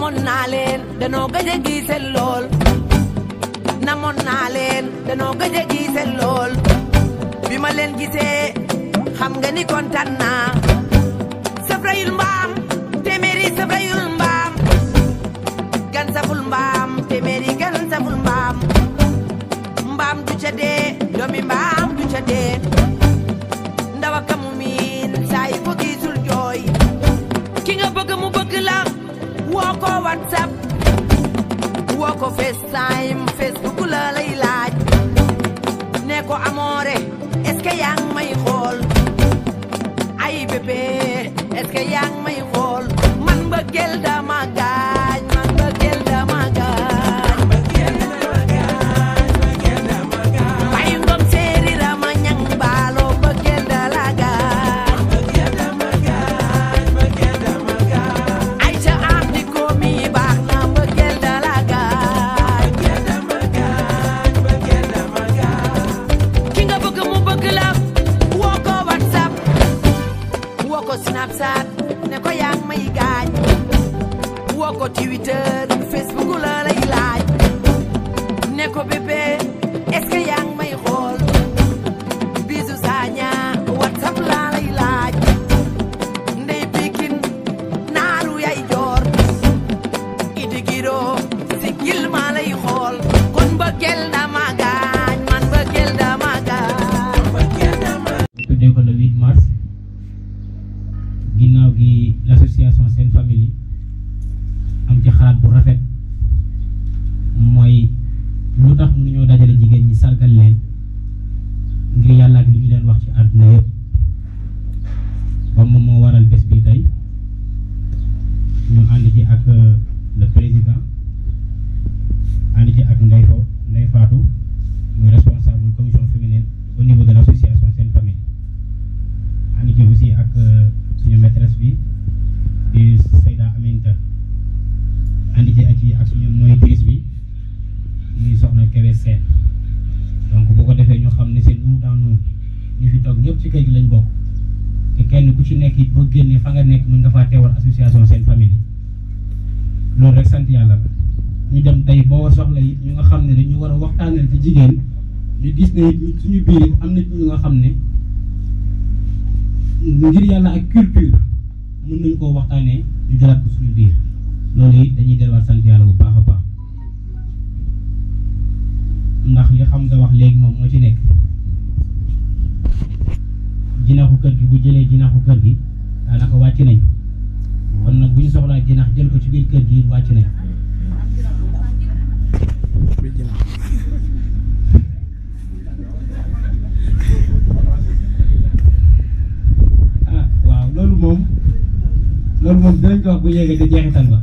namoon naa leen danoo gëj a gise lool namoon naa leen danoo gëj a gise bi ma leen gisee xam nga ni kontaan naa safrayul mbaam téeméeri safrayul mbaam gan saful mbaam téeméeri gan saful mbaam mbaam du ca dee doomi mbaam ko FaceTime Facebook la lay laaj ne ko amore, est-ce que may xool ay bébé est-ce que may xool man mbëggeel snapchat ne ko yaa ngi may gaañ woo ko twitter facebook la lay laaj ne ko bébé est yaa ngi may xool bisu saa ñaar whatsapp la lockdown ñu fi toog ñëpp ci kër gi lañ bokk te kenn ku ci nekk it boo génnee fa nga nekk mën nga faa teewal association seen famille loolu rek sant yàlla la ñu dem tey boo soxla it ñu nga xam ne dañu war a waxtaanal ci jigéen ñu gis ne it suñu biir it ñu nga xam ngir yàlla ak culture mën nañ koo waxtaanee ñu jëlaat ko suñu biir loolu it dañuy delluwaat sant yàlla bu baax a baax ndax li xam nga wax léegi moom moo ci nekk jinaxu kër gi bu jëlee jinaxu kër gi daanaka wàcc nañ kon nag bu ñu soxlaa jinax jël ko ci biir kër gi wàcc nañ ah, loolu moom loolu moom dinañ ko wax bu yéegee te jeexital ba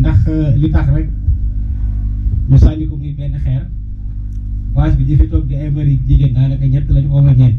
ndax euh, li tax rek ñu sànni ko muy benn xeer bi di toog di ay mari jigéen daanaka ñett ñeent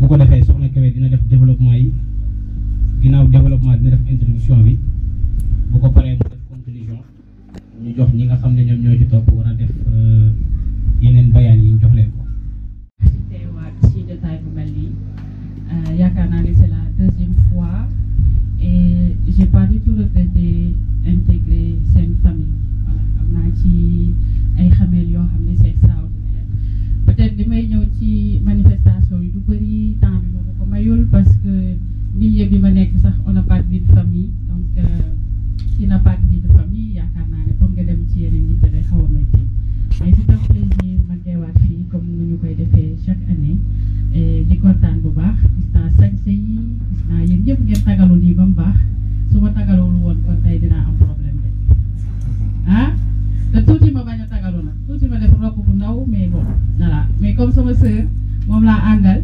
bu ko defee soxna Kébé dina def développement yi ginnaaw développement dina def introduction bi bu ko paree mu def conclusion ñu jox ñi nga xam ne ñoom ñoo ci topp war a def euh, yeneen bayaan yi ñu jox leen ko. Di ma sax on a pas de famille donc si euh, ina pas de vie de famille yakarna naa ne pour nga dem ci yeneen nit day xaw a ay ci tax plaisir ma wat fi comme nu ñu koy defee chaque année et di contane bu baax gis naa sañse yi gis naa yéen ngeen tagalu ni bam baax su ma tagalul won kon tay dina am problème de ah da tuti ma baña a tagalu na tuti ma def ropp bu ndaw mais bon nala mais comme sama sœur mom la andal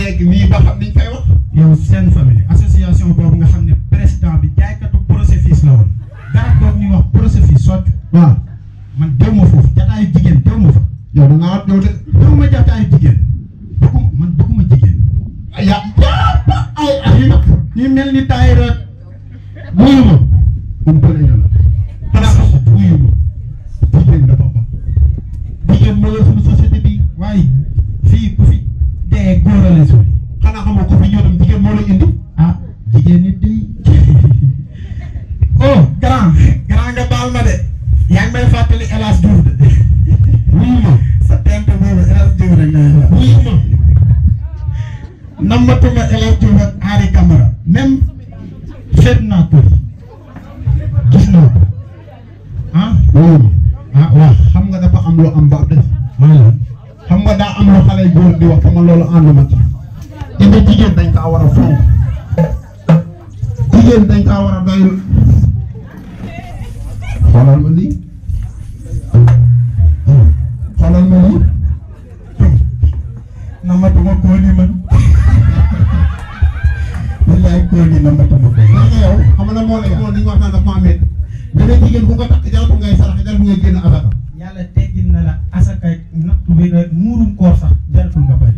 yeeg lii nga xam yow seen famille association boobu nga xam ne président bi jaaykatu procéfis la woon garab boobu ñuy wax procéfis socc. waaw man déw ma foofu jataayu jigéen déw ma fa. yow da ngaa yow de ma jataayu jigéen bëgguma man bëgguma jigéen. ay nammatuma élève bi wax Henri Camara même seet naa ko gis naa ko ah wóolu hmm. ah waaw xam nga dafa am loo am ba def xam nga daa am lu xale góor di wax sama loolu ànduma ci indi jigéen dañ kaa war a fonk dañ kaa war a doylu ma lii waxoon nañu waxtaan dafa maa métti mais léegi jigéen bu ko takk ngay sarax jarul ngay génn asaka. yàlla teggin na la asaka natt bi rek koor sax jarul nga bañ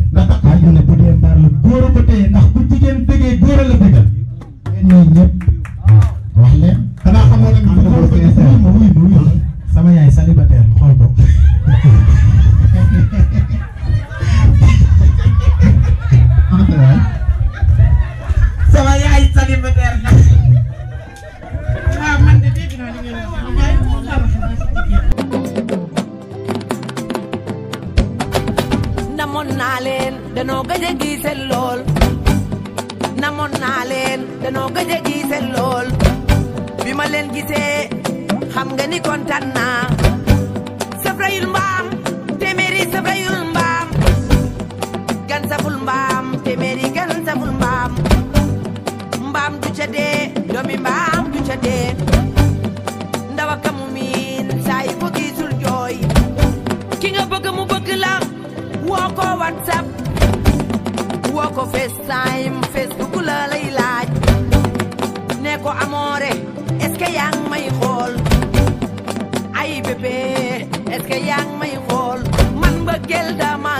danoo gëj a lol, lool namoon naa leen danoo gëj a gisee lool bi ma leen gisee xam nga ni kontaan naa sëbrayul mbaam téeméeri sëbrayul gan saful mbaam temeri gan saful mbaam mbaam du cede, domi doomi mbaam du ndawa kamu ko gisul jooy ki nga bëgg mu bëgg la ko whatsapp woo face time, Facebook la lay laaj ne ko amoore est-ce que yaa ngi may xool ay bébé est-ce que yaa ngi may xool man mbëggeel dama